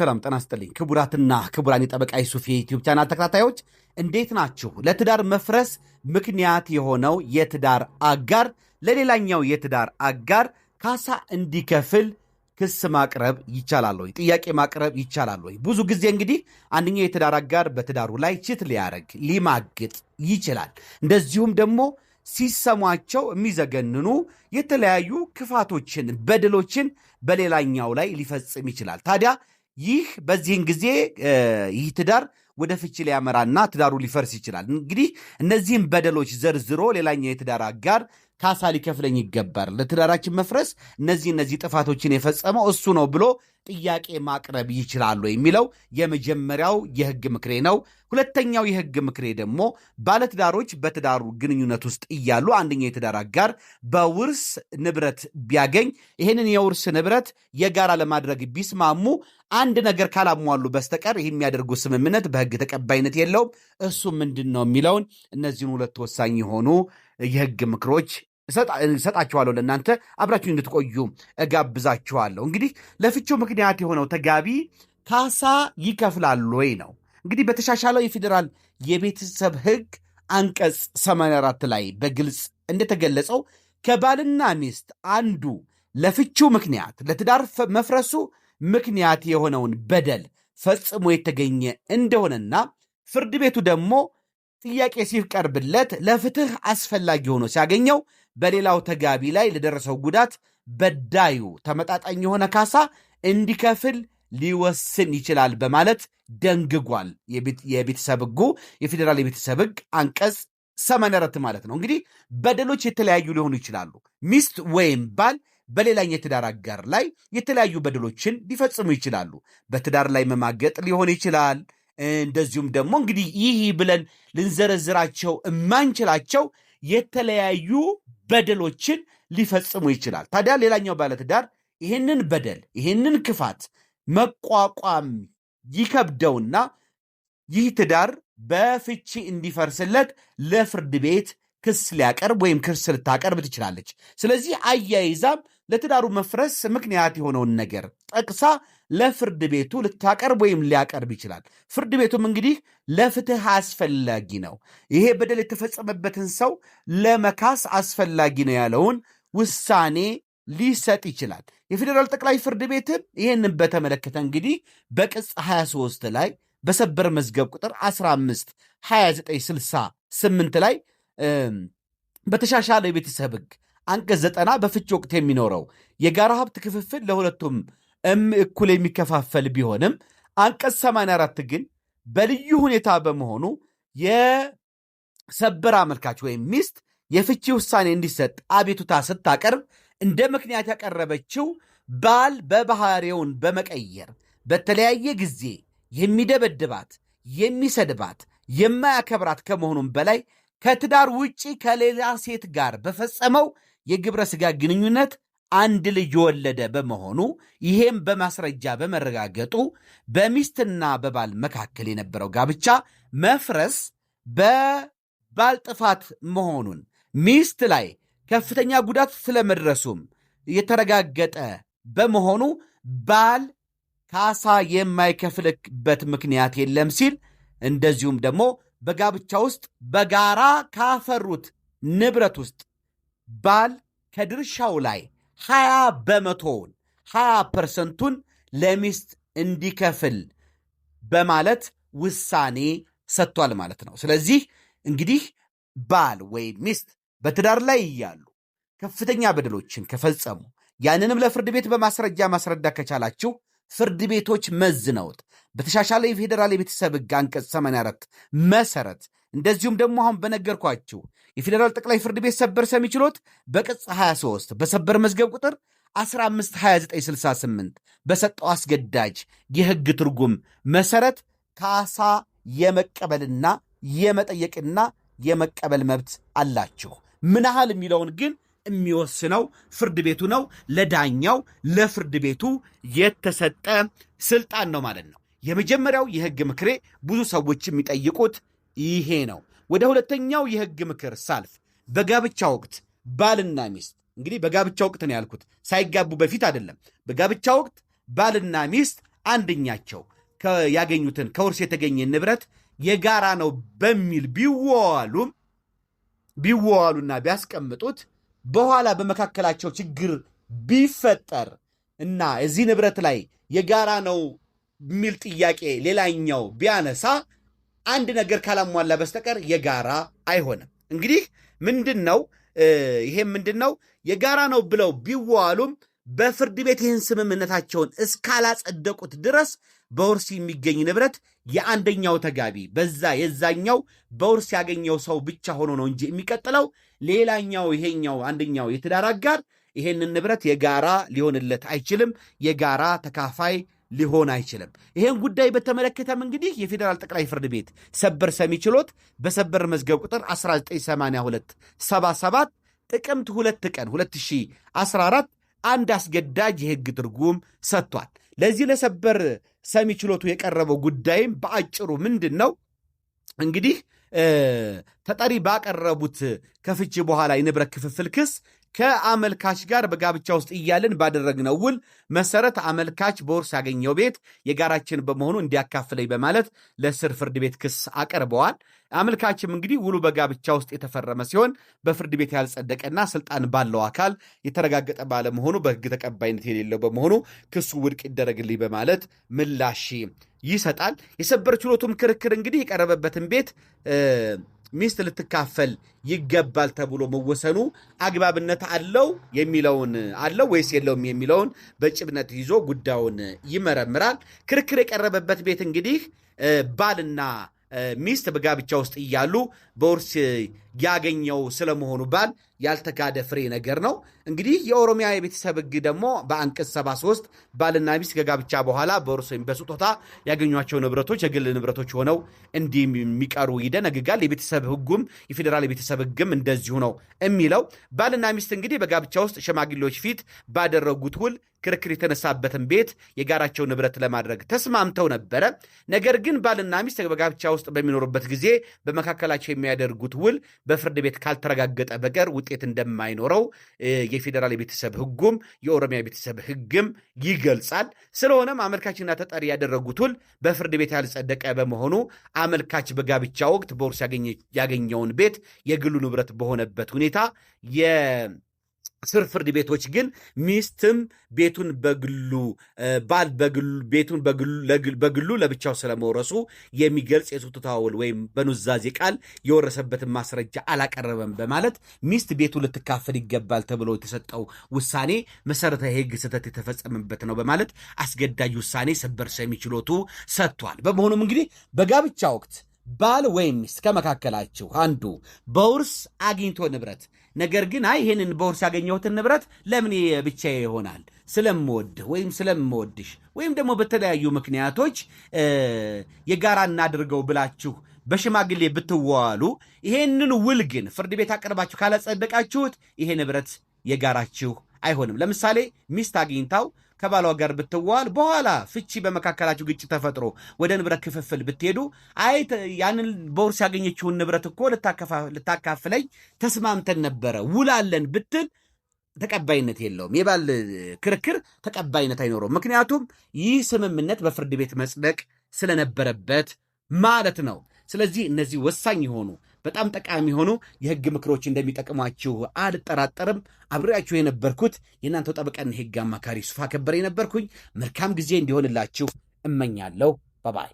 ሰላም ጤና ይስጥልኝ ክቡራትና ክቡራን የጠበቃ ዩሱፍ የዩቲዩብ ቻናል ተከታታዮች እንዴት ናችሁ? ለትዳር መፍረስ ምክንያት የሆነው የትዳር አጋር ለሌላኛው የትዳር አጋር ካሳ እንዲከፍል ክስ ማቅረብ ይቻላል ወይ? ጥያቄ ማቅረብ ይቻላል ወይ? ብዙ ጊዜ እንግዲህ አንደኛው የትዳር አጋር በትዳሩ ላይ ችት ሊያደርግ ሊማግጥ ይችላል። እንደዚሁም ደግሞ ሲሰሟቸው የሚዘገንኑ የተለያዩ ክፋቶችን፣ በደሎችን በሌላኛው ላይ ሊፈጽም ይችላል። ታዲያ ይህ በዚህን ጊዜ ይህ ትዳር ወደ ፍቺ ሊያመራና ትዳሩ ሊፈርስ ይችላል። እንግዲህ እነዚህም በደሎች ዘርዝሮ ሌላኛው የትዳር አጋር ካሳ ሊከፍለኝ ይገባል፣ ለትዳራችን መፍረስ እነዚህ እነዚህ ጥፋቶችን የፈጸመው እሱ ነው ብሎ ጥያቄ ማቅረብ ይችላሉ የሚለው የመጀመሪያው የህግ ምክሬ ነው። ሁለተኛው የህግ ምክሬ ደግሞ ባለትዳሮች በትዳሩ ግንኙነት ውስጥ እያሉ አንደኛው የትዳር አጋር በውርስ ንብረት ቢያገኝ ይህንን የውርስ ንብረት የጋራ ለማድረግ ቢስማሙ አንድ ነገር ካላሟሉ በስተቀር ይህ የሚያደርጉ ስምምነት በህግ ተቀባይነት የለውም። እሱ ምንድን ነው የሚለውን እነዚህን ሁለት ወሳኝ የሆኑ የህግ ምክሮች እሰጣችኋለሁ ለእናንተ አብራችሁ እንድትቆዩ እጋብዛችኋለሁ። እንግዲህ ለፍቺው ምክንያት የሆነው ተጋቢ ካሳ ይከፍላል ወይ ነው። እንግዲህ በተሻሻለው የፌዴራል የቤተሰብ ሕግ አንቀጽ 84 ላይ በግልጽ እንደተገለጸው ከባልና ሚስት አንዱ ለፍቺው ምክንያት ለትዳር መፍረሱ ምክንያት የሆነውን በደል ፈጽሞ የተገኘ እንደሆነና ፍርድ ቤቱ ደግሞ ጥያቄ ሲቀርብለት ለፍትህ አስፈላጊ ሆኖ ሲያገኘው በሌላው ተጋቢ ላይ ለደረሰው ጉዳት በዳዩ ተመጣጣኝ የሆነ ካሳ እንዲከፍል ሊወስን ይችላል በማለት ደንግጓል። የቤተሰብ ሕጉ የፌዴራል የቤተሰብ ሕግ አንቀጽ ሰመነረት ማለት ነው። እንግዲህ በደሎች የተለያዩ ሊሆኑ ይችላሉ። ሚስት ወይም ባል በሌላኛ የትዳር አጋር ላይ የተለያዩ በደሎችን ሊፈጽሙ ይችላሉ። በትዳር ላይ መማገጥ ሊሆን ይችላል። እንደዚሁም ደግሞ እንግዲህ ይህ ብለን ልንዘረዝራቸው እማንችላቸው የተለያዩ በደሎችን ሊፈጽሙ ይችላል። ታዲያ ሌላኛው ባለትዳር ይህንን በደል ይህንን ክፋት መቋቋም ይከብደውና ይህ ትዳር በፍቺ እንዲፈርስለት ለፍርድ ቤት ክስ ሊያቀርብ ወይም ክስ ልታቀርብ ትችላለች። ስለዚህ አያይዛም ለትዳሩ መፍረስ ምክንያት የሆነውን ነገር ጠቅሳ ለፍርድ ቤቱ ልታቀርብ ወይም ሊያቀርብ ይችላል። ፍርድ ቤቱም እንግዲህ ለፍትህ አስፈላጊ ነው፣ ይሄ በደል የተፈጸመበትን ሰው ለመካስ አስፈላጊ ነው ያለውን ውሳኔ ሊሰጥ ይችላል። የፌዴራል ጠቅላይ ፍርድ ቤትም ይህንን በተመለከተ እንግዲህ በቅጽ 23 ላይ በሰበር መዝገብ ቁጥር 15 29 68 ላይ በተሻሻለ የቤተሰብ ህግ አንቀጽ ዘጠና በፍች ወቅት የሚኖረው የጋራ ሀብት ክፍፍል ለሁለቱም እኩል የሚከፋፈል ቢሆንም አንቀጽ 84 ግን በልዩ ሁኔታ በመሆኑ የሰበር አመልካች ወይም ሚስት የፍቺ ውሳኔ እንዲሰጥ አቤቱታ ስታቀርብ እንደ ምክንያት ያቀረበችው ባል በባህሪውን በመቀየር በተለያየ ጊዜ የሚደበድባት፣ የሚሰድባት፣ የማያከብራት ከመሆኑም በላይ ከትዳር ውጪ ከሌላ ሴት ጋር በፈጸመው የግብረ ሥጋ ግንኙነት አንድ ልጅ የወለደ በመሆኑ ይሄም በማስረጃ በመረጋገጡ በሚስትና በባል መካከል የነበረው ጋብቻ መፍረስ በባል ጥፋት መሆኑን ሚስት ላይ ከፍተኛ ጉዳት ስለመድረሱም የተረጋገጠ በመሆኑ ባል ካሳ የማይከፍልበት ምክንያት የለም ሲል እንደዚሁም ደግሞ በጋብቻ ውስጥ በጋራ ካፈሩት ንብረት ውስጥ ባል ከድርሻው ላይ ሀያ በመቶውን ሀያ ፐርሰንቱን ለሚስት እንዲከፍል በማለት ውሳኔ ሰጥቷል ማለት ነው። ስለዚህ እንግዲህ ባል ወይም ሚስት በትዳር ላይ እያሉ ከፍተኛ በደሎችን ከፈጸሙ ያንንም ለፍርድ ቤት በማስረጃ ማስረዳ ከቻላችሁ ፍርድ ቤቶች መዝነውት በተሻሻለ የፌዴራል የቤተሰብ ሕግ አንቀጽ 84 መሰረት እንደዚሁም ደግሞ አሁን በነገርኳችሁ የፌዴራል ጠቅላይ ፍርድ ቤት ሰበር ሰሚ ችሎት በቅጽ 23 በሰበር መዝገብ ቁጥር 152968 በሰጠው አስገዳጅ የሕግ ትርጉም መሰረት ካሳ የመቀበልና የመጠየቅና የመቀበል መብት አላችሁ። ምን ያህል የሚለውን ግን የሚወስነው ፍርድ ቤቱ ነው። ለዳኛው ለፍርድ ቤቱ የተሰጠ ስልጣን ነው ማለት ነው። የመጀመሪያው የህግ ምክሬ ብዙ ሰዎች የሚጠይቁት ይሄ ነው። ወደ ሁለተኛው የህግ ምክር ሳልፍ በጋብቻ ወቅት ባልና ሚስት እንግዲህ በጋብቻ ወቅት ነው ያልኩት፣ ሳይጋቡ በፊት አይደለም። በጋብቻ ወቅት ባልና ሚስት አንደኛቸው ያገኙትን ከውርስ የተገኘ ንብረት የጋራ ነው በሚል ቢዋዋሉም ቢዋዋሉና ቢያስቀምጡት በኋላ በመካከላቸው ችግር ቢፈጠር እና እዚህ ንብረት ላይ የጋራ ነው የሚል ጥያቄ ሌላኛው ቢያነሳ አንድ ነገር ካላሟላ በስተቀር የጋራ አይሆንም። እንግዲህ ምንድን ነው ይሄም ምንድን ነው የጋራ ነው ብለው ቢዋሉም በፍርድ ቤት ይህን ስምምነታቸውን እስካላጸደቁት ድረስ በውርስ የሚገኝ ንብረት የአንደኛው ተጋቢ በዛ የዛኛው በውርስ ያገኘው ሰው ብቻ ሆኖ ነው እንጂ የሚቀጥለው ሌላኛው ይሄኛው አንደኛው የትዳር አጋር ይሄንን ንብረት የጋራ ሊሆንለት አይችልም፣ የጋራ ተካፋይ ሊሆን አይችልም። ይሄን ጉዳይ በተመለከተም እንግዲህ የፌዴራል ጠቅላይ ፍርድ ቤት ሰበር ሰሚ ችሎት በሰበር መዝገብ ቁጥር 198277 ጥቅምት 2 ቀን 2014 አንድ አስገዳጅ የህግ ትርጉም ሰጥቷል። ለዚህ ለሰበር ሰሚ ችሎቱ የቀረበው ጉዳይም በአጭሩ ምንድን ነው እንግዲህ ተጠሪ ባቀረቡት ከፍቺ በኋላ የንብረት ክፍፍል ክስ ከአመልካች ጋር በጋብቻ ውስጥ እያለን ባደረግነው ውል መሰረት አመልካች በውርስ ያገኘው ቤት የጋራችን በመሆኑ እንዲያካፍለኝ በማለት ለስር ፍርድ ቤት ክስ አቀርበዋል። አመልካችም እንግዲህ ውሉ በጋብቻ ውስጥ የተፈረመ ሲሆን በፍርድ ቤት ያልጸደቀና ስልጣን ባለው አካል የተረጋገጠ ባለመሆኑ በሕግ ተቀባይነት የሌለው በመሆኑ ክሱ ውድቅ ይደረግልኝ በማለት ምላሽ ይሰጣል። የሰበር ችሎቱም ክርክር እንግዲህ የቀረበበትን ቤት ሚስት ልትካፈል ይገባል ተብሎ መወሰኑ አግባብነት አለው የሚለውን አለው ወይስ የለውም የሚለውን በጭብነት ይዞ ጉዳዩን ይመረምራል። ክርክር የቀረበበት ቤት እንግዲህ ባልና ሚስት በጋብቻ ውስጥ እያሉ በውርስ ያገኘው ስለመሆኑ ባል ያልተካደ ፍሬ ነገር ነው። እንግዲህ የኦሮሚያ የቤተሰብ ህግ ደግሞ በአንቀጽ 73 ባልና ሚስት ከጋብቻ በኋላ በውርስ ወይም በስጦታ ያገኟቸው ንብረቶች የግል ንብረቶች ሆነው እንደሚቀሩ ይደነግጋል። የቤተሰብ ህጉም የፌዴራል የቤተሰብ ህግም እንደዚሁ ነው የሚለው። ባልና ሚስት እንግዲህ በጋብቻ ውስጥ ሸማግሌዎች ፊት ባደረጉት ውል ክርክር የተነሳበትን ቤት የጋራቸው ንብረት ለማድረግ ተስማምተው ነበረ። ነገር ግን ባልና ሚስት በጋብቻ ውስጥ በሚኖሩበት ጊዜ በመካከላቸው የሚያደርጉት ውል በፍርድ ቤት ካልተረጋገጠ በቀር ውጤት እንደማይኖረው የፌዴራል የቤተሰብ ህጉም የኦሮሚያ ቤተሰብ ህግም ይገልጻል። ስለሆነም አመልካችና ተጠሪ ያደረጉት ውል በፍርድ ቤት ያልጸደቀ በመሆኑ አመልካች በጋብቻ ወቅት በውርስ ያገኘውን ቤት የግሉ ንብረት በሆነበት ሁኔታ ስር ፍርድ ቤቶች ግን ሚስትም ቤቱን በግሉ ባል ቤቱን በግሉ ለብቻው ስለመውረሱ የሚገልጽ የስቱት ውል ወይም በኑዛዜ ቃል የወረሰበትን ማስረጃ አላቀረበም በማለት ሚስት ቤቱ ልትካፈል ይገባል ተብሎ የተሰጠው ውሳኔ መሰረታዊ የሕግ ስህተት የተፈጸመበት ነው በማለት አስገዳጅ ውሳኔ ሰበር ሰሚ ችሎቱ ሰጥቷል። በመሆኑም እንግዲህ በጋብቻ ወቅት ባል ወይም ሚስት ከመካከላችሁ አንዱ በውርስ አግኝቶ ንብረት ነገር ግን አይ ይህንን በውርስ ያገኘሁትን ንብረት ለምን ብቻዬ ይሆናል ስለምወድህ ወይም ስለምወድሽ ወይም ደግሞ በተለያዩ ምክንያቶች የጋራ እናድርገው ብላችሁ በሽማግሌ ብትዋሉ ይሄንን ውል ግን ፍርድ ቤት አቅርባችሁ ካላጸደቃችሁት ይሄ ንብረት የጋራችሁ አይሆንም። ለምሳሌ ሚስት አግኝታው ከባሏ ጋር ብትዋል፣ በኋላ ፍቺ በመካከላችሁ ግጭት ተፈጥሮ ወደ ንብረት ክፍፍል ብትሄዱ አይ ያንን በውርስ ያገኘችውን ንብረት እኮ ልታካፍለኝ ተስማምተን ነበረ ውላለን ብትል ተቀባይነት የለውም። የባል ክርክር ተቀባይነት አይኖረውም። ምክንያቱም ይህ ስምምነት በፍርድ ቤት መጽደቅ ስለነበረበት ማለት ነው። ስለዚህ እነዚህ ወሳኝ የሆኑ በጣም ጠቃሚ የሆኑ የህግ ምክሮች እንደሚጠቅሟችሁ አልጠራጠርም። አብሬያችሁ የነበርኩት የእናንተው ጠበቃና የህግ አማካሪ ሱፋ ከበረ የነበርኩኝ። መልካም ጊዜ እንዲሆንላችሁ እመኛለሁ። ባባይ